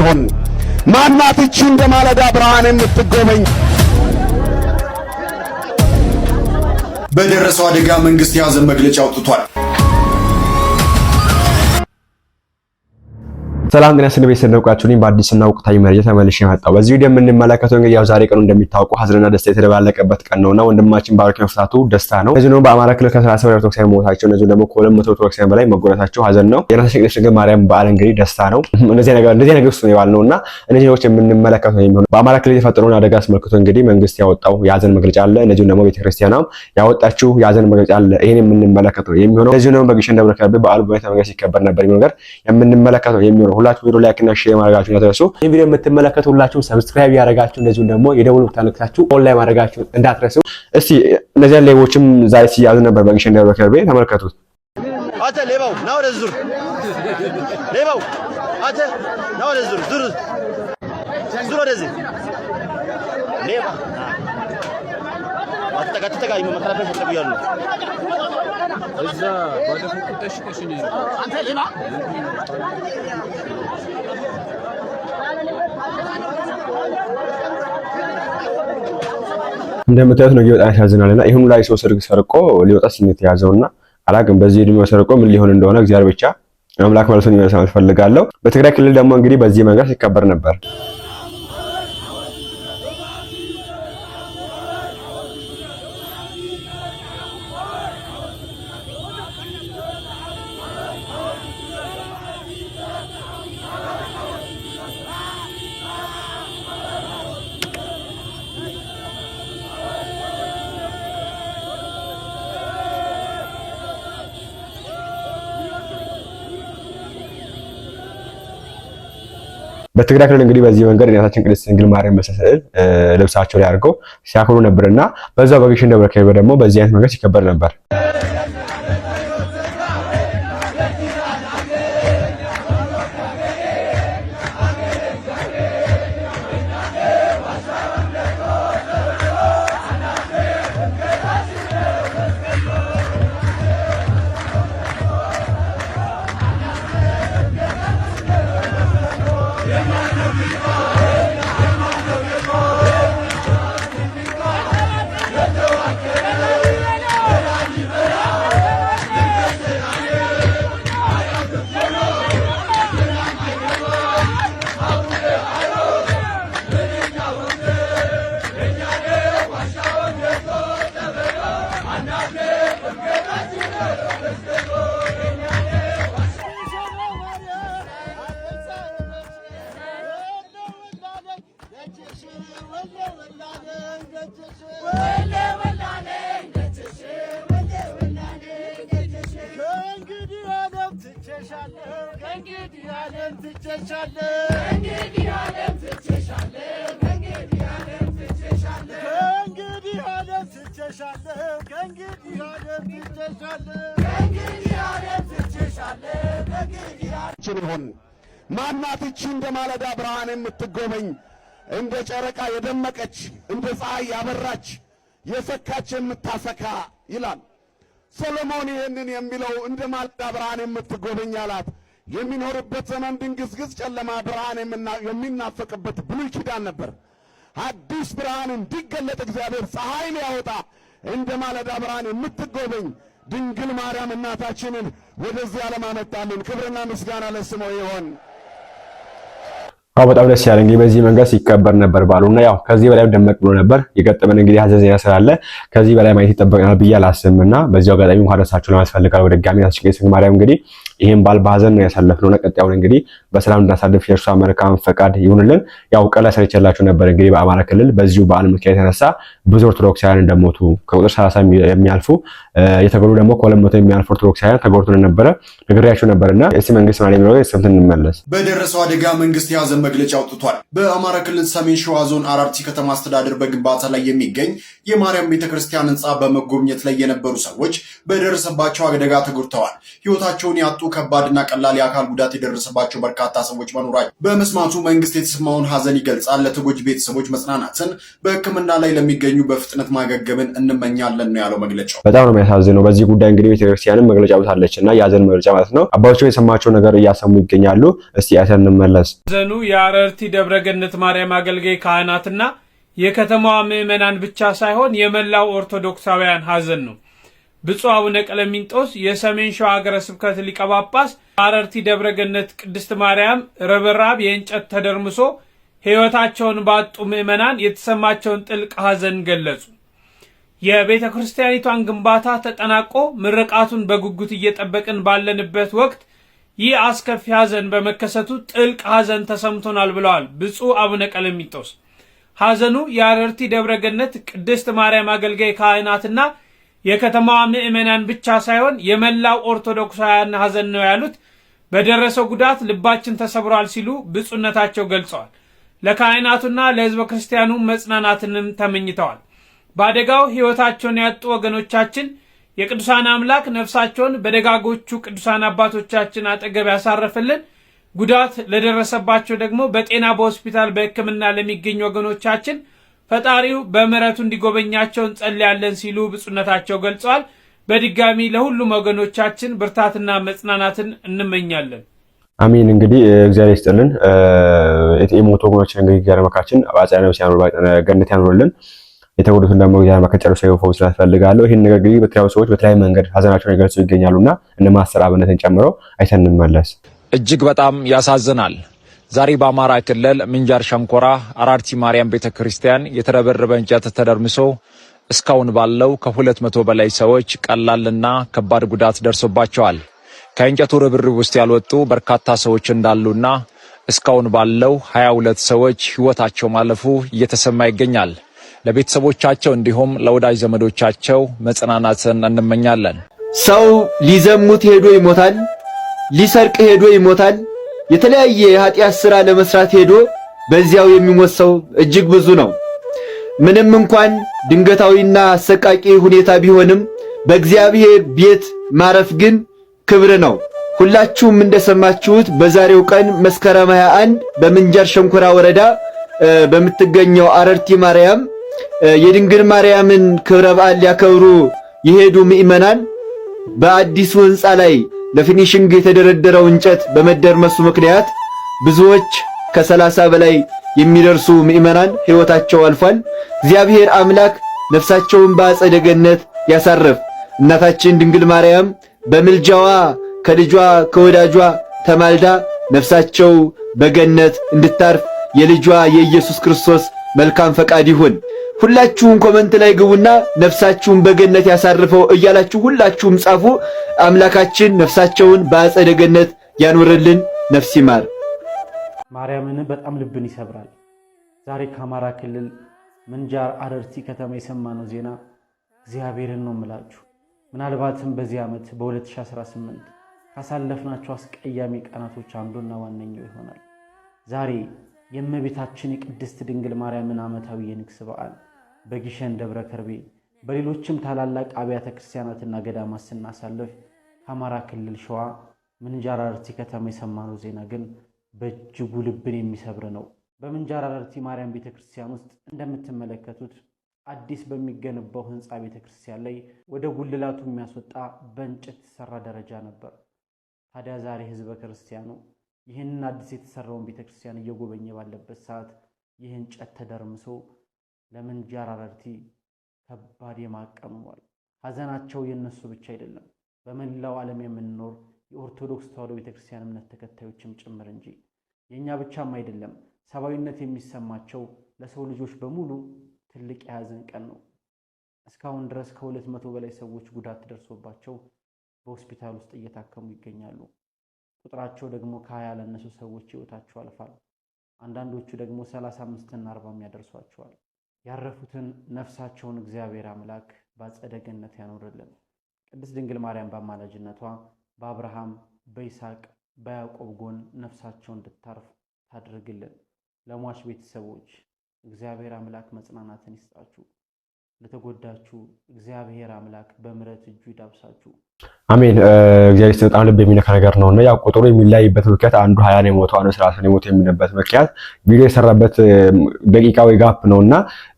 ይሆን? ማናት እቺ እንደ ማለዳ ብርሃን የምትጎበኝ? በደረሰው አደጋ መንግስት የያዘ መግለጫ አውጥቷል። ሰላም ጤና ስለ ቤተሰብ እንደውቃችሁልኝ በአዲስና ወቅታዊ መረጃ ተመልሼ መጣሁ። በዚህ ቪዲዮ የምንመለከተው እንግዲህ ያው ዛሬ ቀኑ እንደሚታወቁ ሀዘንና ደስታ የተደባለቀበት ቀን ነውና ወንድማችን ባሮክ መፍታቱ ደስታ ነው። እዚህ ደግሞ በአማራ ክልል ከሰላሳ በላይ ኦርቶዶክሳውያን መሞታቸው፣ እነዚህ ደግሞ ከሁለት መቶ ኦርቶዶክሳውያን በላይ መጎዳታቸው ሀዘን ነው። የእናታችን ቅድስት ድንግል ማርያም በዓል እንግዲህ ደስታ ነው። እነዚህ ነገር እንደዚህ ነገር ውስጥ ነው የባል ነውና እነዚህ ነገሮች የምንመለከተው ነው የሚሆነው። በአማራ ክልል የተፈጠረውን አደጋ አስመልክቶ እንግዲህ መንግስት ያወጣው የሀዘን መግለጫ አለ። እነዚህ ደግሞ ቤተክርስቲያናም ያወጣችው የሀዘን መግለጫ አለ። ይሄን የምንመለከተው የሚሆነው እነዚህ ደግሞ በግሸን ደብረ ከርቤ በዓሉ በሁኔታ መንገድ ሲከበር ነበር የሚሆነው ነገር የምንመለከተው የሚሆነው ሁላችሁ ቪዲዮ ላይክ እና ሼር ማድረጋችሁ እንዳትረሱ። ይህን ቪዲዮ የምትመለከቱ ሁላችሁም ሰብስክራይብ ያደረጋችሁ እንደዚሁም ደግሞ የደውል ምታነክታችሁ ኦንላይን ማድረጋችሁ እንዳትረሱ። እስቲ እነዚያን ሌቦችም ዛሬ ሲያዙ ነበር በግሸን ደብረ ከርቤ ተመልከቱት። አንተ ሌባው ና ወደ ዙር፣ ሌባው አንተ ና ወደ ዙር፣ ዙር፣ ዙር ወደዚህ ሌባ አትጠቃ መከላከያ ነው። እዛ አንተ እንደምታዩት ነው። በጣም ያሳዝናል። እና ይሁን ላይ ሰው ሰርግ ሰርቆ ሊወጣ ስሜት የያዘውና አላቅም በዚህ እድሜ ሰርቆ ምን ሊሆን እንደሆነ እግዚአብሔር ብቻ አምላክ መልሶን ይመልሳል ፈልጋለሁ። በትግራይ ክልል ደግሞ እንግዲህ በዚህ መንገድ ሲከበር ነበር። በትግራይ ክልል እንግዲህ በዚህ መንገድ እናታችን ቅድስት ድንግል ማርያም በስዕል ልብሳቸው ላይ አድርገው ሲያከብሩ ነበርና በዛው በግሽን ደብረ ከርቤ ደግሞ በዚህ አይነት መንገድ ሲከበር ነበር። ሆን ማናት እቺ እንደ ማለዳ ብርሃን የምትጎበኝ እንደ ጨረቃ የደመቀች እንደ ፀሐይ ያበራች የሰካች የምታሰካ ይላል ሰሎሞን። ይህንን የሚለው እንደ ማለዳ ብርሃን የምትጎበኝ አላት። የሚኖርበት ዘመን ድንግዝግዝ ጨለማ ብርሃን የሚናፈቅበት ብሉይ ኪዳን ነበር። አዲስ ብርሃን እንዲገለጥ እግዚአብሔር ፀሐይ ሊያወጣ እንደ ማለዳ ብርሃን የምትጎበኝ ድንግል ማርያም እናታችንን ወደዚህ ዓለም አመጣልን። ክብርና ምስጋና ለስሙ ይሆን። አዎ በጣም ደስ ያለ እንግዲህ በዚህ መንገድ ሲከበር ነበር ባሉና ያው ከዚህ በላይ ደመቅ ብሎ ነበር። የገጠመን እንግዲህ ሀዘን ዜና ስላለ ከዚህ በላይ ማየት ይጠበቅናል ብዬ አላስብም እና በዚያው አጋጣሚ እንኳን ደሳችሁ ለማስፈልጋል በድጋሚ ናስጭቄ ማርያም እንግዲህ ይህም ባል በሀዘን ነው ያሳለፍነው። ቀጣዩን እንግዲህ በሰላም እንዳሳልፍ የእርሷ መልካም ፈቃድ ይሁንልን። ያው ቀላ ሰርቼላችሁ ነበር እንግዲህ በአማራ ክልል በዚሁ በዓል ምክንያት የተነሳ ብዙ ኦርቶዶክሳውያን እንደሞቱ ከቁጥር ሰላሳ የሚያልፉ የተገሉ ደግሞ ከሁለት መቶ የሚያልፉ ኦርቶዶክሳውያን ተጎድቶ ነበረ ነግሬያችሁ ነበርና እስቲ መንግስት ማለት የሚለው ሰምተን እንመለስ። በደረሰው አደጋ መንግስት የሀዘን መግለጫ አውጥቷል። በአማራ ክልል ሰሜን ሸዋ ዞን አራርቲ ከተማ አስተዳደር በግንባታ ላይ የሚገኝ የማርያም ቤተክርስቲያን ህንፃ በመጎብኘት ላይ የነበሩ ሰዎች በደረሰባቸው አደጋ ተጎድተዋል። ህይወታቸውን ያጡ ከባድና ቀላል የአካል ጉዳት የደረሰባቸው በርካታ ሰዎች መኖራቸው በመስማቱ መንግስት የተሰማውን ሀዘን ይገልጻል። ለተጎጂ ቤተሰቦች መጽናናትን፣ በህክምና ላይ ለሚገኙ በፍጥነት ማገገምን እንመኛለን ነው ያለው መግለጫው። በጣም ነው የሚያሳዝነው። በዚህ ጉዳይ እንግዲህ ቤተክርስቲያንም መግለጫ ብታለች እና የሀዘን መግለጫ ማለት ነው። አባቶች የሰማቸው ነገር እያሰሙ ይገኛሉ። እስቲ አይተን እንመለስ። ሀዘኑ የአረርቲ ደብረገነት ማርያም አገልጋይ ካህናትና የከተማዋ ምዕመናን ብቻ ሳይሆን የመላው ኦርቶዶክሳውያን ሀዘን ነው። ብፁዕ አቡነ ቀለሚንጦስ የሰሜን ሸዋ ሀገረ ስብከት ሊቀ ጳጳስ አረርቲ ደብረ ገነት ቅድስት ማርያም ረበራብ የእንጨት ተደርምሶ ሕይወታቸውን ባጡ ምዕመናን የተሰማቸውን ጥልቅ ሐዘን ገለጹ። የቤተ ክርስቲያኒቷን ግንባታ ተጠናቆ ምርቃቱን በጉጉት እየጠበቅን ባለንበት ወቅት ይህ አስከፊ ሐዘን በመከሰቱ ጥልቅ ሐዘን ተሰምቶናል ብለዋል ብፁዕ አቡነ ቀለሚንጦስ። ሐዘኑ የአረርቲ ደብረ ገነት ቅድስት ማርያም አገልጋይ ካህናትና የከተማዋ ምዕመናን ብቻ ሳይሆን የመላው ኦርቶዶክሳውያን ሐዘን ነው ያሉት። በደረሰው ጉዳት ልባችን ተሰብሯል ሲሉ ብፁዕነታቸው ገልጸዋል። ለካህናቱና ለሕዝበ ክርስቲያኑ መጽናናትንም ተመኝተዋል። በአደጋው ሕይወታቸውን ያጡ ወገኖቻችን የቅዱሳን አምላክ ነፍሳቸውን በደጋጎቹ ቅዱሳን አባቶቻችን አጠገብ ያሳረፈልን፣ ጉዳት ለደረሰባቸው ደግሞ በጤና በሆስፒታል በሕክምና ለሚገኙ ወገኖቻችን ፈጣሪው በምሕረቱ እንዲጎበኛቸው እንጸልያለን ሲሉ ብፁዕነታቸው ገልጸዋል። በድጋሚ ለሁሉም ወገኖቻችን ብርታትና መጽናናትን እንመኛለን። አሚን። እንግዲህ እግዚአብሔር ይስጥልን። የሞቱ ወገኖችን እንግዲህ እግዚአብሔር መካችን በአጽያ ነብስ ገነት ያኑርልን። የተጎዱትን ደግሞ ጊዜ መካ ሰው የፎ ስላስፈልጋለሁ። ይህን ነገር እንግዲህ በተለያዩ ሰዎች በተለያዩ መንገድ ሀዘናቸውን ይገልጹ ይገኛሉና እነ ማስተር አብነትን ጨምረው አይተን እንመለስ። እጅግ በጣም ያሳዝናል። ዛሬ በአማራ ክልል ምንጃር ሸንኮራ አራርቲ ማርያም ቤተ ክርስቲያን የተረበረበ እንጨት ተደርምሶ እስካሁን ባለው ከሁለት መቶ በላይ ሰዎች ቀላልና ከባድ ጉዳት ደርሶባቸዋል። ከእንጨቱ ርብርብ ውስጥ ያልወጡ በርካታ ሰዎች እንዳሉና እስካሁን ባለው 22 ሰዎች ሕይወታቸው ማለፉ እየተሰማ ይገኛል። ለቤተሰቦቻቸው እንዲሁም ለወዳጅ ዘመዶቻቸው መጽናናትን እንመኛለን። ሰው ሊዘሙት ሄዶ ይሞታል፣ ሊሰርቅ ሄዶ ይሞታል የተለያየ የኃጢአት ሥራ ለመስራት ሄዶ በዚያው የሚሞት ሰው እጅግ ብዙ ነው። ምንም እንኳን ድንገታዊና አሰቃቂ ሁኔታ ቢሆንም በእግዚአብሔር ቤት ማረፍ ግን ክብር ነው። ሁላችሁም እንደሰማችሁት በዛሬው ቀን መስከረም 21 በምንጃር ሸንኮራ ወረዳ በምትገኘው አረርቲ ማርያም የድንግል ማርያምን ክብረ በዓል ሊያከብሩ የሄዱ ምእመናን በአዲሱ ሕንፃ ላይ ለፊኒሽንግ የተደረደረው እንጨት በመደርመሱ ምክንያት ብዙዎች ከሰላሳ በላይ የሚደርሱ ምእመናን ሕይወታቸው አልፏል። እግዚአብሔር አምላክ ነፍሳቸውን በአጸደ ገነት ያሳረፍ። እናታችን ድንግል ማርያም በምልጃዋ ከልጇ ከወዳጇ ተማልዳ ነፍሳቸው በገነት እንድታርፍ የልጇ የኢየሱስ ክርስቶስ መልካም ፈቃድ ይሁን። ሁላችሁም ኮመንት ላይ ግቡና ነፍሳችሁን በገነት ያሳርፈው እያላችሁ ሁላችሁም ጻፉ። አምላካችን ነፍሳቸውን በአጸደ ገነት ያኖርልን። ነፍስ ይማር። ማርያምን በጣም ልብን ይሰብራል። ዛሬ ከአማራ ክልል ምንጃር አረርቲ ከተማ የሰማነው ዜና እግዚአብሔርን ነው የምላችሁ። ምናልባትም በዚህ ዓመት በ2018 ካሳለፍናቸው አስቀያሚ ቀናቶች አንዱና ዋነኛው ይሆናል ዛሬ የእመቤታችን የቅድስት ድንግል ማርያምን ዓመታዊ የንግስ በዓል በጊሸን ደብረ ከርቤ በሌሎችም ታላላቅ አብያተ ክርስቲያናትና ገዳማት ስናሳልፍ ከአማራ ክልል ሸዋ ምንጃር ርቲ ከተማ የሰማነው ዜና ግን በእጅጉ ልብን የሚሰብር ነው። በምንጃር ርቲ ማርያም ቤተ ክርስቲያን ውስጥ እንደምትመለከቱት አዲስ በሚገነባው ህንፃ ቤተ ክርስቲያን ላይ ወደ ጉልላቱ የሚያስወጣ በእንጨት የተሰራ ደረጃ ነበር። ታዲያ ዛሬ ህዝበ ክርስቲያኑ ይህንን አዲስ የተሰራውን ቤተክርስቲያን እየጎበኘ ባለበት ሰዓት ይህ እንጨት ተደርምሶ ለምንጃር አረርቲ ከባድ የማቀም ሀዘናቸው ሐዘናቸው የእነሱ ብቻ አይደለም፣ በመላው ዓለም የምንኖር የኦርቶዶክስ ተዋሕዶ ቤተክርስቲያን እምነት ተከታዮችም ጭምር እንጂ የእኛ ብቻም አይደለም። ሰብአዊነት የሚሰማቸው ለሰው ልጆች በሙሉ ትልቅ የሀዘን ቀን ነው። እስካሁን ድረስ ከሁለት መቶ በላይ ሰዎች ጉዳት ደርሶባቸው በሆስፒታል ውስጥ እየታከሙ ይገኛሉ። ቁጥራቸው ደግሞ ከሀያ ያላነሱ ሰዎች ሕይወታቸው ያልፋል። አንዳንዶቹ ደግሞ ሰላሳ አምስትና አርባም ያደርሷቸዋል። ያረፉትን ነፍሳቸውን እግዚአብሔር አምላክ በአጸደ ገነት ያኖርልን። ቅድስት ድንግል ማርያም በአማላጅነቷ በአብርሃም በይስሐቅ በያዕቆብ ጎን ነፍሳቸው እንድታርፍ ታድርግልን። ለሟች ቤተሰቦች እግዚአብሔር አምላክ መጽናናትን ይስጣችሁ። ለተጎዳችሁ እግዚአብሔር አምላክ በምሕረት እጁ ይዳብሳችሁ። አሜን። እግዚአብሔር ይስጥ። በጣም ልብ የሚነካ ነገር ነው እና ያው ቁጥሩ የሚለያይበት ምክንያት አንዱ ሀያ ነው የሞተው አንዱ ሰላሳ ነው የሞተው የሚልበት ምክንያት ቪዲዮ የሰራበት ደቂቃዊ ጋፕ ነው እና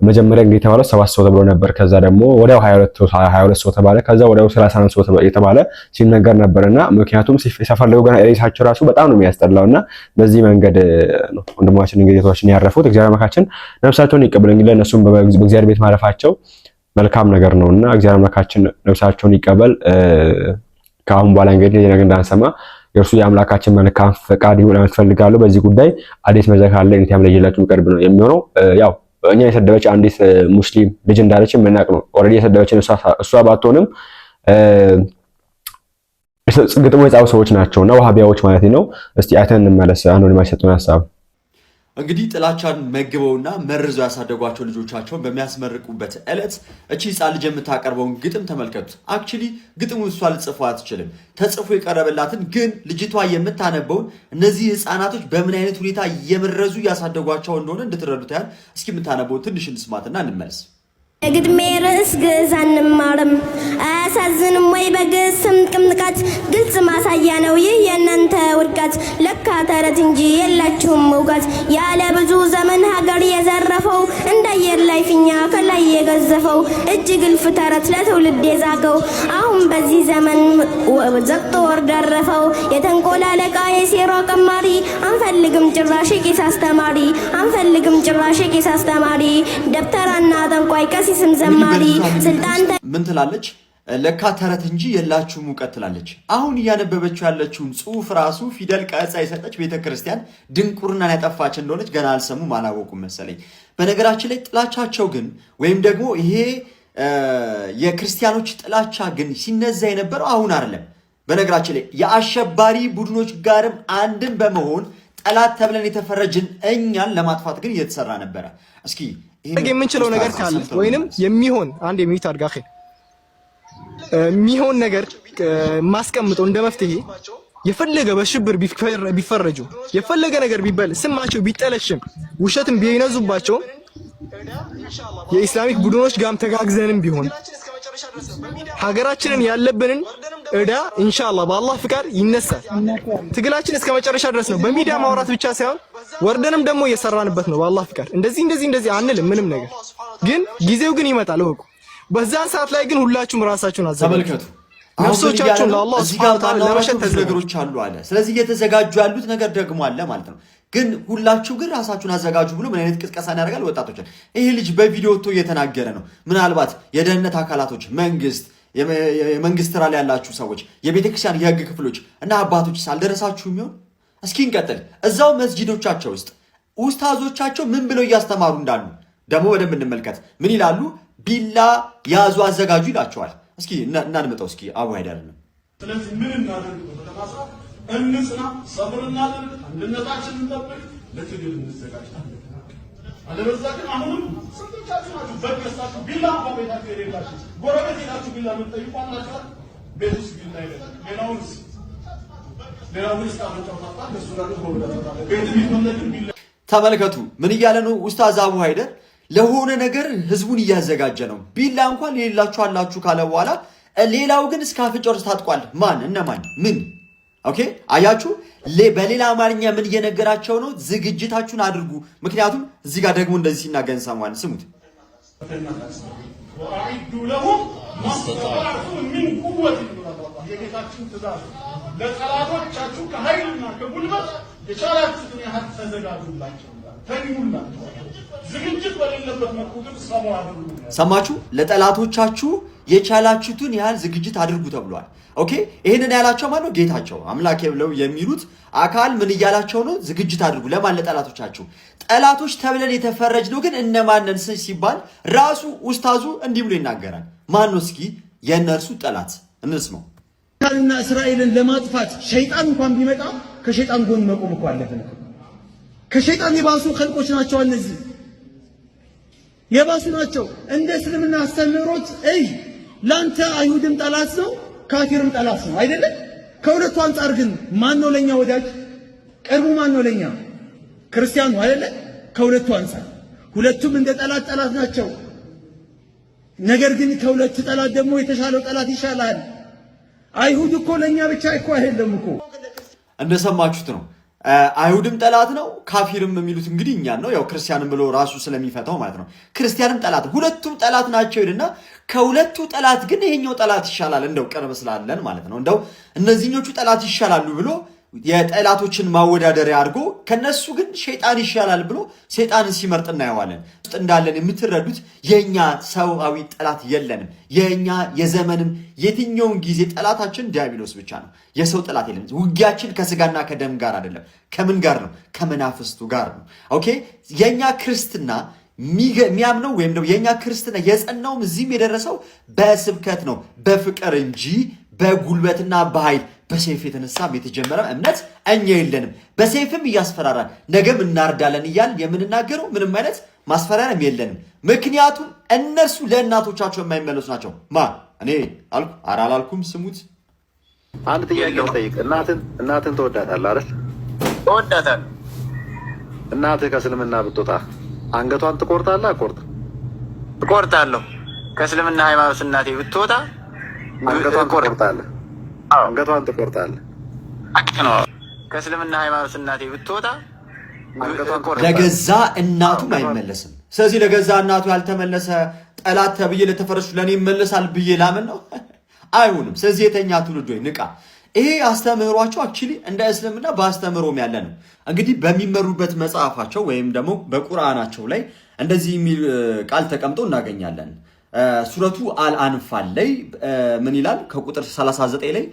መጀመሪያ እንግዲህ የተባለው ሰባት ሰው ተብሎ ነበር። ከዛ ደግሞ ወዲያው ሀያ ሁለት ሰው ተባለ። ከዛ ወዲያው ሰላሳ አንድ ሰው የተባለ ሲነገር ነበር እና ምክንያቱም ሲፈለገው ገና ሬሳቸው ራሱ በጣም ነው የሚያስጠላው እና በዚህ መንገድ ነው ወንድማችን እንግዲህ ያረፉት። እግዚአብሔር አምላካችን ነፍሳቸውን ይቀበል። እንግዲህ ለእነሱም በእግዚአብሔር ቤት ማረፋቸው መልካም ነገር ነው እና እግዚአብሔር አምላካችን ነብሳቸውን ይቀበል። ከአሁን በኋላ እንግዲህ ነገ እንዳንሰማ የእርሱ የአምላካችን መልካም ፈቃድ ይሁን አትፈልጋለሁ። በዚህ ጉዳይ አዲስ መድረክ አለ እንዴት ያመለጀላችሁ ቅርብ ነው የሚሆነው። ያው እኛ የሰደበች አንዲት ሙስሊም ልጅ እንዳለች የምናውቅ ነው። ኦልሬዲ የሰደበችን እሷ ባትሆንም ግጥሞ የጻፉ ሰዎች ናቸው እና ዋሃቢያዎች ማለት ነው። እስቲ አይተን እንመለስ። አንድ ወንድማችን የሰጡን ሀሳብ እንግዲህ ጥላቻን መግበውና መርዘው ያሳደጓቸው ልጆቻቸውን በሚያስመርቁበት ዕለት እቺ ህፃን ልጅ የምታቀርበውን ግጥም ተመልከቱት። አክቹሊ ግጥሙ እሷ ልጽፎ አትችልም። ተጽፎ የቀረበላትን ግን ልጅቷ የምታነበውን እነዚህ ህፃናቶች በምን አይነት ሁኔታ እየመረዙ እያሳደጓቸው እንደሆነ እንድትረዱት ያህል እስኪ የምታነበውን ትንሽ እንስማትና እንመለስ። የግድሜ ርዕስ ግዕዝ አንማርም አያሳዝንም ወይ? በግዕዝ ስም ቅምጥቃት ግልጽ ማሳያ ነው ይህ የእናንተ ውድቀት። ለካ ተረት እንጂ የላችሁም እውቀት። ያለ ብዙ ዘመን ሀገር የዘረፈው እንደ አየር ላይ ፊኛ ከላይ የገዘፈው እጅ ግልፍ ተረት ለትውልድ የዛገው አሁን በዚህ ዘመን ዘግቶ ወር ደረፈው። የተንቆል አለቃ የሴራ ቀማሪ አንፈልግም ጭራሽ ቄስ አስተማሪ አንፈልግም ጭራሽ ቄስ አስተማሪ ደብተራና ጠንቋይ ቀስ አርቲስትም ዘማሪ ስልጣን ምን ትላለች? ለካ ተረት እንጂ የላችሁም እውቀት ትላለች። አሁን እያነበበችው ያለችውን ጽሁፍ ራሱ ፊደል ቀጻ የሰጠች ቤተክርስቲያን ድንቁርናን ያጠፋች እንደሆነች ገና አልሰሙም አላወቁም መሰለኝ። በነገራችን ላይ ጥላቻቸው ግን ወይም ደግሞ ይሄ የክርስቲያኖች ጥላቻ ግን ሲነዛ የነበረው አሁን አይደለም። በነገራችን ላይ የአሸባሪ ቡድኖች ጋርም አንድን በመሆን ጠላት ተብለን የተፈረጅን እኛን ለማጥፋት ግን እየተሰራ ነበረ። እስኪ የምንችለው ነገር ካለ ወይንም የሚሆን አንድ የሚዩት አድጋ የሚሆን ነገር ማስቀምጠው እንደ መፍትሄ የፈለገ በሽብር ቢፈረጁ የፈለገ ነገር ቢበል ስማቸው ቢጠለሽም ውሸትም ቢነዙባቸው የኢስላሚክ ቡድኖች ጋም ተጋግዘንም ቢሆን ሀገራችንን ያለብንን እዳ ኢንሻአላህ በአላህ ፍቃድ ይነሳል። ትግላችን እስከ መጨረሻ ድረስ ነው። በሚዲያ ማውራት ብቻ ሳይሆን ወርደንም ደግሞ እየሰራንበት ነው። በአላህ ፍቃድ እንደዚህ እንደዚህ እንደዚህ አንልም ምንም ነገር ግን ጊዜው ግን ይመጣል። ወቁ በዛን ሰዓት ላይ ግን ሁላችሁም ራሳችሁን አዘጋጁ። ነፍሶቻችሁን ለአላህ ሱብሃነሁ ወተዓላ ለመሸጥ ነገሮች አሉ አለ። ስለዚህ እየተዘጋጁ ያሉት ነገር ደግሞ አለ ማለት ነው። ግን ሁላችሁ ግን ራሳችሁን አዘጋጁ ብሎ ምን አይነት ቅስቀሳን ያደርጋል? ወጣቶችን ይሄ ልጅ በቪዲዮ ወጥቶ እየተናገረ ነው። ምናልባት የደህንነት አካላቶች፣ መንግስት የመንግስት ስራ ላይ ያላችሁ ሰዎች፣ የቤተክርስቲያን የህግ ክፍሎች እና አባቶች ሳልደረሳችሁ የሚሆን እስኪ እንቀጥል። እዛው መስጂዶቻቸው ውስጥ ኡስታዞቻቸው ምን ብለው እያስተማሩ እንዳሉ ደግሞ በደንብ እንመልከት። ምን ይላሉ? ቢላ ያዙ አዘጋጁ ይላቸዋል። እስኪ እናንመጠው እስኪ አቡ አይደለም። ስለዚህ ምን እናደርግ? በተማሳ እንጽና፣ ሰብር እናደርግ፣ አንድነታችን እንጠብቅ፣ ለትግል እንዘጋጅ። አለበዛ ግን አሁንም ስንቶቻችሁ ናችሁ በገሳችሁ ቢላ እንኳን ቤታችሁ የሌላችሁ ጎረቤት ሄዳችሁ ቢላ የምትጠይቁ አላችሁ። ቤት ውስጥ ቢላ ይበላል። ሌላውንስ ተመልከቱ ምን እያለ ነው ኡስታዝ አቡ ሀይደር ለሆነ ነገር ህዝቡን እያዘጋጀ ነው። ቢላ እንኳን የሌላችሁ አላችሁ ካለ በኋላ ሌላው ግን እስከ አፍንጫው ታጥቋል። ማን እነማን ምን? ኦኬ አያችሁ፣ በሌላ አማርኛ ምን እየነገራቸው ነው? ዝግጅታችሁን አድርጉ። ምክንያቱም እዚህ ጋር ደግሞ እንደዚህ ሲናገር እንሰማዋለን። ስሙት ለሁም ቁወት የጌታችን ትእዛዝ ለጠላቶቻችሁ ከኃይልና ከጉልበት የቻላችሁትን ያህል ተዘጋጁላቸው፣ ሰማችሁ? ለጠላቶቻችሁ የቻላችሁትን ያህል ዝግጅት አድርጉ ተብሏል። ኦኬ ይህንን ያላቸው ማን ጌታቸው አምላክ ብለው የሚሉት አካል ምን እያላቸው ነው? ዝግጅት አድርጉ ለማን? ለጠላቶቻችሁ። ጠላቶች ተብለን የተፈረጅ ነው ግን እነማንን ሲባል ራሱ ውስታዙ እንዲህ ብሎ ይናገራል። ማን ነው? እስኪ የእነርሱ ጠላት እንስማው። ካልና እስራኤልን ለማጥፋት ሸይጣን እንኳን ቢመጣ ከሸይጣን ጎን መቆም እኮ አለብን። ከሸይጣን የባሱ ከልቆች ናቸው። እነዚህ የባሱ ናቸው። እንደ እስልምና አስተምህሮት እይ ላንተ አይሁድም ጠላት ነው፣ ካፊርም ጠላት ነው አይደለም። ከሁለቱ አንጻር ግን ማን ነው ለኛ ወዳጅ? ቅርቡ ማን ነው ለኛ? ክርስቲያኑ አይደለ? ከሁለቱ አንጻር ሁለቱም እንደ ጠላት ጠላት ናቸው። ነገር ግን ከሁለቱ ጠላት ደግሞ የተሻለው ጠላት ይሻላል። አይሁድ እኮ ለእኛ ብቻ እኮ አይደለም እኮ እንደሰማችሁት ነው። አይሁድም ጠላት ነው፣ ካፊርም የሚሉት እንግዲህ እኛን ነው። ያው ክርስቲያንም ብሎ ራሱ ስለሚፈታው ማለት ነው። ክርስቲያንም ጠላት፣ ሁለቱም ጠላት ናቸው ይልና ከሁለቱ ጠላት ግን ይሄኛው ጠላት ይሻላል፣ እንደው ቅርብ ስላለን ማለት ነው። እንደው እነዚህኞቹ ጠላት ይሻላሉ ብሎ የጠላቶችን ማወዳደሪያ አድርጎ ከነሱ ግን ሸይጣን ይሻላል ብሎ ሰይጣንን ሲመርጥ እናየዋለን። ውስጥ እንዳለን የምትረዱት የእኛ ሰብአዊ ጠላት የለንም። የእኛ የዘመንም የትኛውን ጊዜ ጠላታችን ዲያብሎስ ብቻ ነው። የሰው ጠላት የለም። ውጊያችን ከስጋና ከደም ጋር አይደለም። ከምን ጋር ነው? ከመናፍስቱ ጋር ነው። ኦኬ የእኛ ክርስትና የሚያምነው ወይም ደግሞ የእኛ ክርስትና የጸናውም እዚህም የደረሰው በስብከት ነው፣ በፍቅር እንጂ በጉልበትና በኃይል በሰይፍ የተነሳ የተጀመረ እምነት እኛ የለንም። በሰይፍም እያስፈራራን ነገም እናርዳለን እያል የምንናገረው ምንም አይነት ማስፈራሪያም የለንም። ምክንያቱም እነርሱ ለእናቶቻቸው የማይመለሱ ናቸው። ማ እኔ አልኩ ኧረ አላልኩም። ስሙት፣ አንድ ጥያቄ ልጠይቅ። እናትን እናትን ተወዳታል አይደል? ተወዳታል። እናትህ ከእስልምና ብትወጣ አንገቷን ትቆርጣለህ? አቆርጥ እቆርጣለሁ። ከእስልምና ሃይማኖት እናቴ ብትወጣ አንገቷን ትቆርጣለህ? አንገቷን ትቆርጣለህ። ከእስልምና ሃይማኖት እናቴ ብትወጣ ለገዛ እናቱም አይመለስም። ስለዚህ ለገዛ እናቱ ያልተመለሰ ጠላት ተብዬ ለተፈረሱ ለእኔ ይመለሳል ብዬ ላምን ነው አይሁንም። ስለዚህ የተኛ ትውልድ ወይ ንቃ። ይሄ አስተምህሯቸው አክቹዋሊ እንደ እስልምና በአስተምህሮም ያለ ነው። እንግዲህ በሚመሩበት መጽሐፋቸው ወይም ደግሞ በቁርአናቸው ላይ እንደዚህ የሚል ቃል ተቀምጦ እናገኛለን። ሱረቱ አልአንፋል ላይ ምን ይላል? ከቁጥር 39 ላይ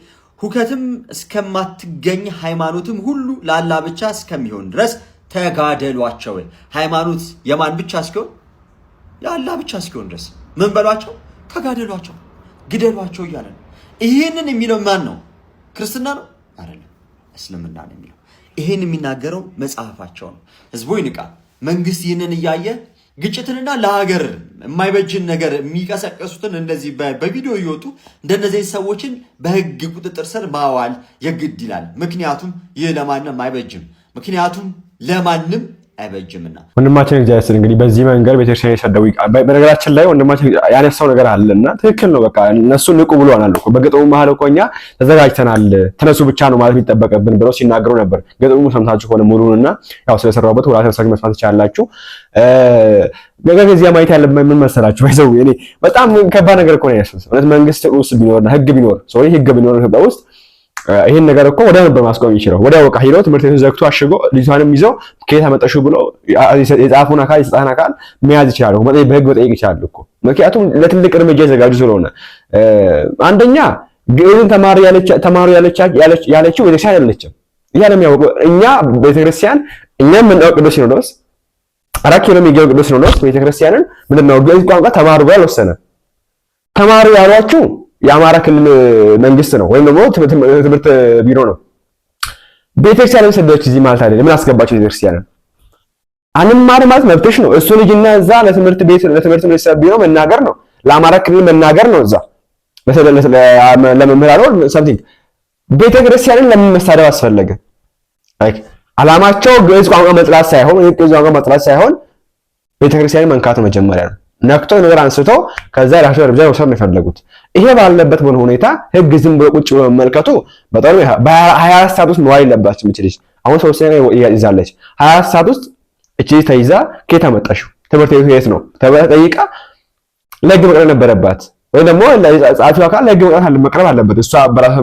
ሁከትም እስከማትገኝ ሃይማኖትም ሁሉ ለአላ ብቻ እስከሚሆን ድረስ ተጋደሏቸው። ሃይማኖት የማን ብቻ እስኪሆን? የአላ ብቻ እስኪሆን ድረስ ምን በሏቸው? ተጋደሏቸው፣ ግደሏቸው እያለ ነው። ይህንን የሚለው ማን ነው? ክርስትና ነው አይደለም፣ እስልምና ነው የሚለው። ይህን የሚናገረው መጽሐፋቸው ነው። ህዝቡ ይንቃል። መንግስት ይህንን እያየ ግጭትንና ለሀገር የማይበጅን ነገር የሚቀሰቀሱትን እንደዚህ በቪዲዮ እየወጡ እንደነዚህ ሰዎችን በህግ ቁጥጥር ስር ማዋል የግድ ይላል። ምክንያቱም ይህ ለማንም አይበጅም። ምክንያቱም ለማንም አይበጅምና ወንድማችን እግዚአብሔር እንግዲህ በዚህ መንገድ ቤተክርስቲያን የሰደው በነገራችን ላይ ወንድማችን ያነሳው ነገር አለና ትክክል ነው። በቃ እነሱ ንቁ ብሎናል እኮ በገጠሙ መሀል እኮ እኛ ተዘጋጅተናል፣ ተነሱ ብቻ ነው ማለት የሚጠበቅብን ብለው ሲናገሩ ነበር። ገጠሙ ሰምታችሁ ከሆነ ሙሉንና ያው ስለሰራሁበት ሁላ ሰብሳቢ መስማት ትችላላችሁ። ነገር ከዚያ ማየት ያለብን ምን መሰላችሁ? ይዘው እኔ በጣም ከባድ ነገር እኮ ነው ያሰብስ እውነት መንግስት ውስጥ ቢኖርና ህግ ቢኖር ሰው ህግ ቢኖር ኢትዮጵያ ውስጥ ይህን ነገር እኮ ወዲያው ነበር ማስቆም ይችላል። ወዲያው በቃ ሄደው ትምህርት ቤቱን ዘግቶ አሽጎ ልጅቷንም ይዘው ከየት አመጣሽው ብሎ የጻፉን አካል የሰጣን አካል መያዝ ይችላሉ። በህግ መጠየቅ ይችላሉ እኮ ምክንያቱም ለትልቅ እርምጃ የዘጋጁ ስለሆነ አንደኛ ግዕዝን ተማሪ ያለችው ቤተክርስቲያን አይደለችም። ይህ ለሚያውቁ እኛ ቤተክርስቲያን እኛ የምናውቅ ቅዱስ ሲኖዶስ አራት ነው የሚገኘው ቅዱስ ሲኖዶስ ቤተክርስቲያንን ምንድነው ግዕዝ ቋንቋ ተማሩ ብሎ አልወሰነ። ተማሩ ያሏችሁ የአማራ ክልል መንግስት ነው ወይም ደግሞ ትምህርት ቢሮ ነው። ቤተክርስቲያን ሰደዶች እዚህ ማለት አይደለም። ምን አስገባቸው? ቤተክርስቲያን አንማር ማለት መብትሽ ነው። እሱ ልጅና እዛ ለትምህርት ቤት ለትምህርት ሚኒስቴር ቢሮ መናገር ነው፣ ለአማራ ክልል መናገር ነው። እዛ ለመምህራን ነው ሰምቲንግ ቤተክርስቲያንን ለምን መሳደብ አስፈለገ? ላይክ አላማቸው ግዕዝ ቋንቋ መጥላት ሳይሆን ወይ ግዕዝ ቋንቋ መጥላት ሳይሆን ቤተክርስቲያንን መንካቱ መጀመሪያ ነው። ነክቶ ነገር አንስቶ ከዛ ራሱ እርምጃ መውሰድ ነው የፈለጉት። ይሄ ባለበት ምን ሁኔታ ህግ ዝም ብሎ ቁጭ ብሎ መመልከቱ በጣም በ24 ሰዓት ውስጥ መዋል የለባችም። እቺ ልጅ አሁን ሶስተኛ ይዛለች። 24 ሰዓት ውስጥ እቺ ልጅ ተይዛ ከየት አመጣሽው? ትምህርት ቤቱ የት ነው ተብላ ጠይቃ ለህግ መቅረብ ነበረባት። ወይ ደግሞ ጸሐፊው አካል ለህግ መቅረብ አለበት። እሷ በራሷ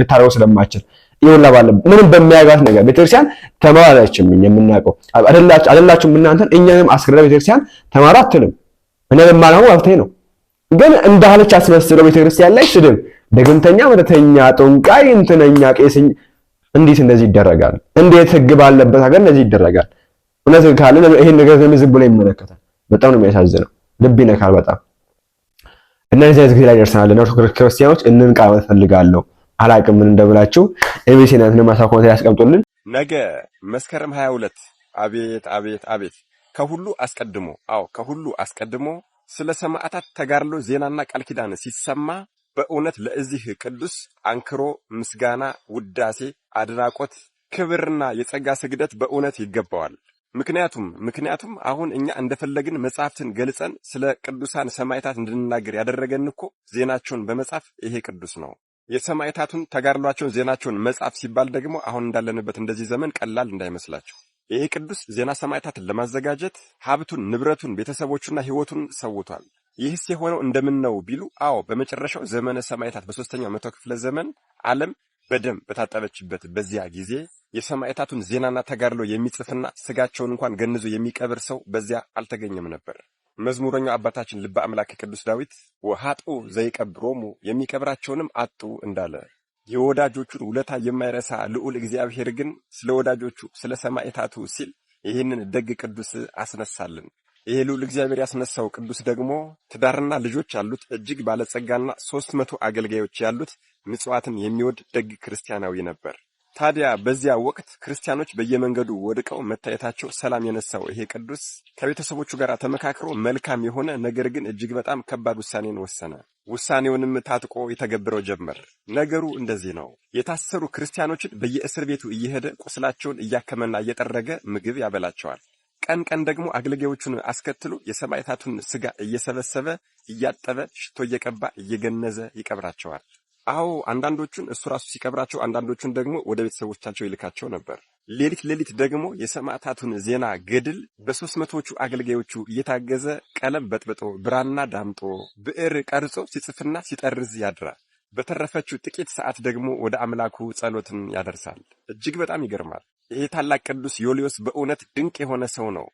ልታደርገው ስለማችል ይሁላ ባለ ምንም በሚያጋት ነገር ቤተክርስቲያን ተማራለችም የምናውቀው አይደላችሁም እናንተን እኛንም አስገድዳ ቤተክርስቲያን ተማራ አትልም። እኔ የማላውቀው መፍትሄ ነው ግን እንዳለች አስመስለው ቤተክርስቲያን ላይ ስድብ፣ ደግምተኛ፣ መተተኛ፣ ጦንቃይ፣ እንትነኛ፣ ቄስኝ። እንዴት እንደዚህ ይደረጋል? እንዴት ህግ ባለበት ሀገር እንደዚህ ይደረጋል? እውነት ካለ ይሄን ነገር ዝም ብሎ ይመለከታል። በጣም ነው የሚያሳዝነው፣ ልብ ይነካል በጣም እና እዚህ አይነት ጊዜ ላይ ደርሰናል። እና ክርስቲያኖች እንንቃ ማለት ፈልጋለሁ። አላቅም ምን እንደምላችሁ። ኤቢሲናት ለማሳ ኮንት ያስቀምጡልን። ነገ መስከረም 22 አቤት አቤት አቤት! ከሁሉ አስቀድሞ አዎ፣ ከሁሉ አስቀድሞ ስለ ሰማዕታት ተጋድሎ ዜናና ቃል ኪዳን ሲሰማ በእውነት ለእዚህ ቅዱስ አንክሮ ምስጋና፣ ውዳሴ፣ አድናቆት፣ ክብርና የጸጋ ስግደት በእውነት ይገባዋል። ምክንያቱም ምክንያቱም አሁን እኛ እንደፈለግን መጽሐፍትን ገልጸን ስለ ቅዱሳን ሰማዕታት እንድንናገር ያደረገን እኮ ዜናቸውን በመጻፍ ይሄ ቅዱስ ነው። የሰማዕታቱን ተጋድሏቸውን ዜናቸውን መጻፍ ሲባል ደግሞ አሁን እንዳለንበት እንደዚህ ዘመን ቀላል እንዳይመስላቸው ይህ ቅዱስ ዜና ሰማይታትን ለማዘጋጀት ሀብቱን፣ ንብረቱን፣ ቤተሰቦቹና ሕይወቱን ሰውቷል። ይህስ የሆነው እንደምን ነው ቢሉ፣ አዎ በመጨረሻው ዘመነ ሰማዕታት በሶስተኛው መቶ ክፍለ ዘመን ዓለም በደም በታጠበችበት በዚያ ጊዜ የሰማዕታቱን ዜናና ተጋድሎ የሚጽፍና ስጋቸውን እንኳን ገንዞ የሚቀብር ሰው በዚያ አልተገኘም ነበር። መዝሙረኛው አባታችን ልበ አምላክ ቅዱስ ዳዊት ወሀጡ ዘይቀብሮሙ የሚቀብራቸውንም አጡ እንዳለ የወዳጆቹን ውለታ የማይረሳ ልዑል እግዚአብሔር ግን ስለ ወዳጆቹ ስለ ሰማዕታቱ ሲል ይህንን ደግ ቅዱስ አስነሳልን። ይሄ ልዑል እግዚአብሔር ያስነሳው ቅዱስ ደግሞ ትዳርና ልጆች ያሉት እጅግ ባለጸጋና ሦስት መቶ አገልጋዮች ያሉት ምጽዋትን የሚወድ ደግ ክርስቲያናዊ ነበር። ታዲያ በዚያ ወቅት ክርስቲያኖች በየመንገዱ ወድቀው መታየታቸው ሰላም የነሳው ይሄ ቅዱስ ከቤተሰቦቹ ጋር ተመካክሮ መልካም የሆነ ነገር ግን እጅግ በጣም ከባድ ውሳኔን ወሰነ። ውሳኔውንም ታጥቆ የተገብረው ጀመር። ነገሩ እንደዚህ ነው። የታሰሩ ክርስቲያኖችን በየእስር ቤቱ እየሄደ ቁስላቸውን እያከመና እየጠረገ ምግብ ያበላቸዋል። ቀን ቀን ደግሞ አገልጋዮቹን አስከትሎ የሰማዕታቱን ሥጋ እየሰበሰበ እያጠበ ሽቶ እየቀባ እየገነዘ ይቀብራቸዋል። አዎ አንዳንዶቹን እሱ ራሱ ሲቀብራቸው፣ አንዳንዶቹን ደግሞ ወደ ቤተሰቦቻቸው ይልካቸው ነበር። ሌሊት ሌሊት ደግሞ የሰማዕታቱን ዜና ገድል በሶስት መቶዎቹ አገልጋዮቹ እየታገዘ ቀለም በጥብጦ ብራና ዳምጦ ብዕር ቀርጾ ሲጽፍና ሲጠርዝ ያድራል። በተረፈችው ጥቂት ሰዓት ደግሞ ወደ አምላኩ ጸሎትን ያደርሳል። እጅግ በጣም ይገርማል። ይህ ታላቅ ቅዱስ ዮልዮስ በእውነት ድንቅ የሆነ ሰው ነው።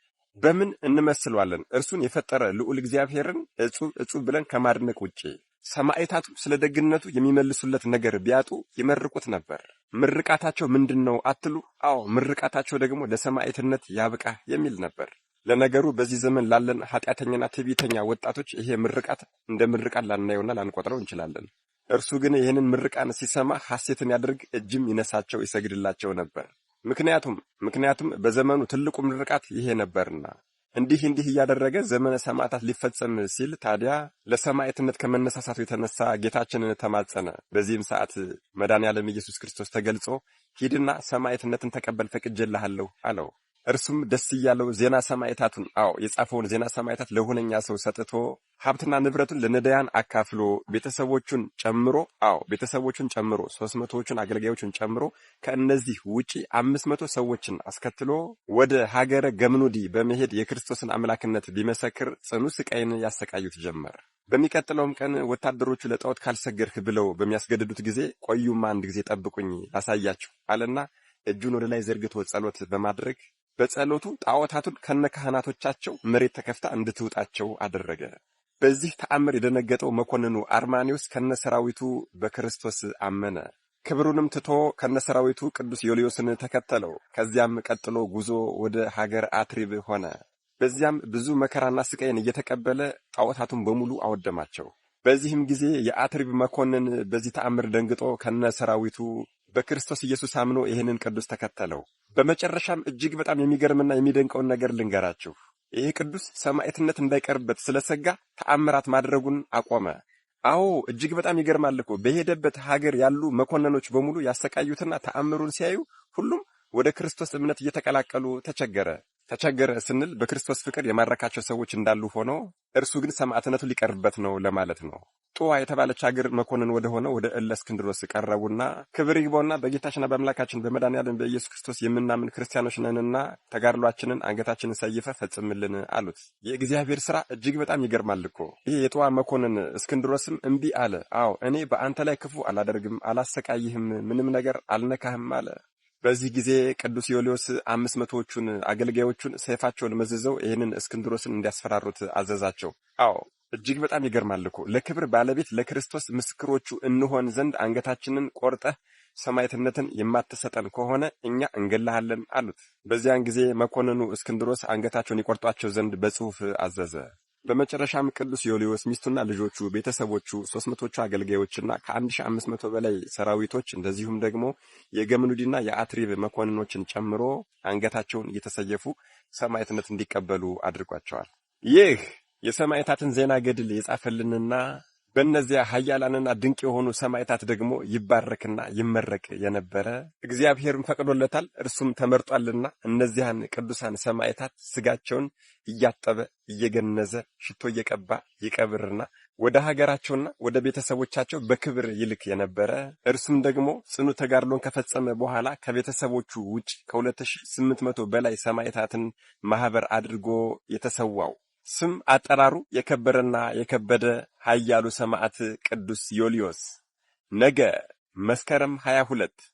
በምን እንመስለዋለን? እርሱን የፈጠረ ልዑል እግዚአብሔርን እጹብ እጹብ ብለን ከማድነቅ ውጪ ሰማዕታቱ ስለ ደግነቱ የሚመልሱለት ነገር ቢያጡ ይመርቁት ነበር። ምርቃታቸው ምንድን ነው አትሉ? አዎ ምርቃታቸው ደግሞ ለሰማዕትነት ያብቃ የሚል ነበር። ለነገሩ በዚህ ዘመን ላለን ኃጢአተኛና ትዕቢተኛ ወጣቶች ይሄ ምርቃት እንደ ምርቃት ላናየውና ላንቆጥረው እንችላለን። እርሱ ግን ይህንን ምርቃን ሲሰማ ሐሴትን ያደርግ፣ እጅም ይነሳቸው፣ ይሰግድላቸው ነበር። ምክንያቱም ምክንያቱም በዘመኑ ትልቁ ምርቃት ይሄ ነበርና እንዲህ እንዲህ እያደረገ ዘመነ ሰማዕታት ሊፈጸም ሲል ታዲያ ለሰማዕትነት ከመነሳሳቱ የተነሳ ጌታችንን ተማጸነ። በዚህም ሰዓት መድኃኔ ዓለም ኢየሱስ ክርስቶስ ተገልጾ ሂድና ሰማዕትነትን ተቀበል ፈቅጄልሃለሁ አለው። እርሱም ደስ እያለው ዜና ሰማዕታቱን አዎ የጻፈውን ዜና ሰማዕታት ለሆነኛ ሰው ሰጥቶ ሀብትና ንብረቱን ለነዳያን አካፍሎ ቤተሰቦቹን ጨምሮ አዎ ቤተሰቦቹን ጨምሮ ሶስት መቶዎቹን አገልጋዮቹን ጨምሮ ከእነዚህ ውጪ አምስት መቶ ሰዎችን አስከትሎ ወደ ሀገረ ገምኑዲ በመሄድ የክርስቶስን አምላክነት ቢመሰክር ጽኑ ስቃይን ያሰቃዩት ጀመር። በሚቀጥለውም ቀን ወታደሮቹ ለጣዖት ካልሰገድህ ብለው በሚያስገድዱት ጊዜ ቆዩማ አንድ ጊዜ ጠብቁኝ ላሳያችሁ አለና እጁን ወደ ላይ ዘርግቶ ጸሎት በማድረግ በጸሎቱ ጣዖታቱን ካህናቶቻቸው መሬት ተከፍታ እንድትውጣቸው አደረገ። በዚህ ተአምር የደነገጠው መኮንኑ አርማኒዎስ ከነ ሰራዊቱ በክርስቶስ አመነ። ክብሩንም ትቶ ከነ ሰራዊቱ ቅዱስ ዮልዮስን ተከተለው። ከዚያም ቀጥሎ ጉዞ ወደ ሀገር አትሪብ ሆነ። በዚያም ብዙ መከራና ስቃይን እየተቀበለ ጣዖታቱን በሙሉ አወደማቸው። በዚህም ጊዜ የአትሪብ መኮንን በዚህ ተአምር ደንግጦ ከነ ሰራዊቱ በክርስቶስ ኢየሱስ አምኖ ይህንን ቅዱስ ተከተለው። በመጨረሻም እጅግ በጣም የሚገርምና የሚደንቀውን ነገር ልንገራችሁ። ይህ ቅዱስ ሰማዕትነት እንዳይቀርበት ስለሰጋ ተአምራት ማድረጉን አቆመ። አዎ እጅግ በጣም ይገርማል እኮ። በሄደበት ሀገር ያሉ መኮንኖች በሙሉ ያሰቃዩትና ተአምሩን ሲያዩ ሁሉም ወደ ክርስቶስ እምነት እየተቀላቀሉ ተቸገረ። ተቸገረ ስንል በክርስቶስ ፍቅር የማረካቸው ሰዎች እንዳሉ ሆኖ እርሱ ግን ሰማዕትነቱ ሊቀርብበት ነው ለማለት ነው። ጥዋ የተባለች አገር መኮንን ወደ ሆነው ወደ እለእስክንድሮስ ቀረቡና ክብር ይግባውና በጌታችንና በአምላካችን በመድኃኔዓለም በኢየሱስ ክርስቶስ የምናምን ክርስቲያኖች ነንና ተጋድሏችንን አንገታችንን ሰይፈ ፈጽምልን አሉት። የእግዚአብሔር ሥራ እጅግ በጣም ይገርማል እኮ። ይህ የጥዋ መኮንን እስክንድሮስም እምቢ አለ። አዎ እኔ በአንተ ላይ ክፉ አላደርግም፣ አላሰቃይህም፣ ምንም ነገር አልነካህም አለ። በዚህ ጊዜ ቅዱስ ዮልዮስ አምስት መቶዎቹን አገልጋዮቹን ሰይፋቸውን መዝዘው ይህንን እስክንድሮስን እንዲያስፈራሩት አዘዛቸው። አዎ እጅግ በጣም ይገርማል እኮ ለክብር ባለቤት ለክርስቶስ ምስክሮቹ እንሆን ዘንድ አንገታችንን ቆርጠህ ሰማዕትነትን የማትሰጠን ከሆነ እኛ እንገልሃለን አሉት። በዚያን ጊዜ መኮንኑ እስክንድሮስ አንገታቸውን ይቆርጧቸው ዘንድ በጽሑፍ አዘዘ። በመጨረሻም ቅዱስ ዮልዮስ ሚስቱና ልጆቹ፣ ቤተሰቦቹ፣ ሶስት መቶቹ አገልጋዮችና ከ 1500 በላይ ሰራዊቶች እንደዚሁም ደግሞ የገምኑዲና የአትሪብ መኮንኖችን ጨምሮ አንገታቸውን እየተሰየፉ ሰማዕትነት እንዲቀበሉ አድርጓቸዋል። ይህ የሰማዕታትን ዜና ገድል የጻፈልንና በእነዚያ ሀያላንና ድንቅ የሆኑ ሰማዕታት ደግሞ ይባረክና ይመረቅ የነበረ እግዚአብሔርም ፈቅዶለታል፣ እርሱም ተመርጧልና እነዚያን ቅዱሳን ሰማዕታት ስጋቸውን እያጠበ እየገነዘ ሽቶ እየቀባ ይቀብርና ወደ ሀገራቸውና ወደ ቤተሰቦቻቸው በክብር ይልክ የነበረ እርሱም ደግሞ ጽኑ ተጋድሎን ከፈጸመ በኋላ ከቤተሰቦቹ ውጭ ከ2800 በላይ ሰማዕታትን ማህበር አድርጎ የተሰዋው ስም አጠራሩ የከበረና የከበደ ኃያሉ ሰማዕት ቅዱስ ዮልዮስ ነገ መስከረም 22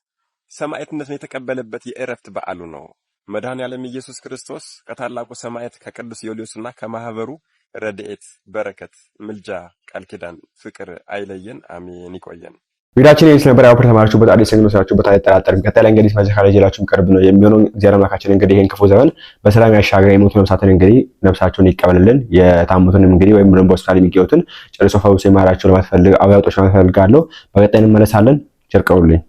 ሰማዕትነትን የተቀበለበት የእረፍት በዓሉ ነው። መድኃኔ ዓለም ኢየሱስ ክርስቶስ ከታላቁ ሰማዕት ከቅዱስ ዮልዮስና ከማኅበሩ ረድኤት፣ በረከት፣ ምልጃ፣ ቃል ኪዳን፣ ፍቅር አይለየን። አሜን። ይቆየን። ቪዲዮአችን ይህ ነበር። ያው ተማሪዎቹ በጣም አዲስ እንግሊዝ ናችሁ በታ አይጠራጠርም። ቀጣይ እንግዲህ መዘካ ላይ ጀላችሁም ቅርብ ነው የሚሆነው። እግዚአብሔር አምላካችን እንግዲህ ይህን ክፉ ዘመን በሰላም ያሻገረን። የሞቱ ነፍሳትን እንግዲህ ነፍሳቸውን ይቀበልልን። የታሙትንም እንግዲህ ወይም ደግሞ በሆስፒታል የሚገኙትን ጨርሶ ፈውስ የማራቸው ለማትፈልግ አብያጦች ለማትፈልጋለሁ። በቀጣይ እንመለሳለን። ቸር ቆዩልኝ።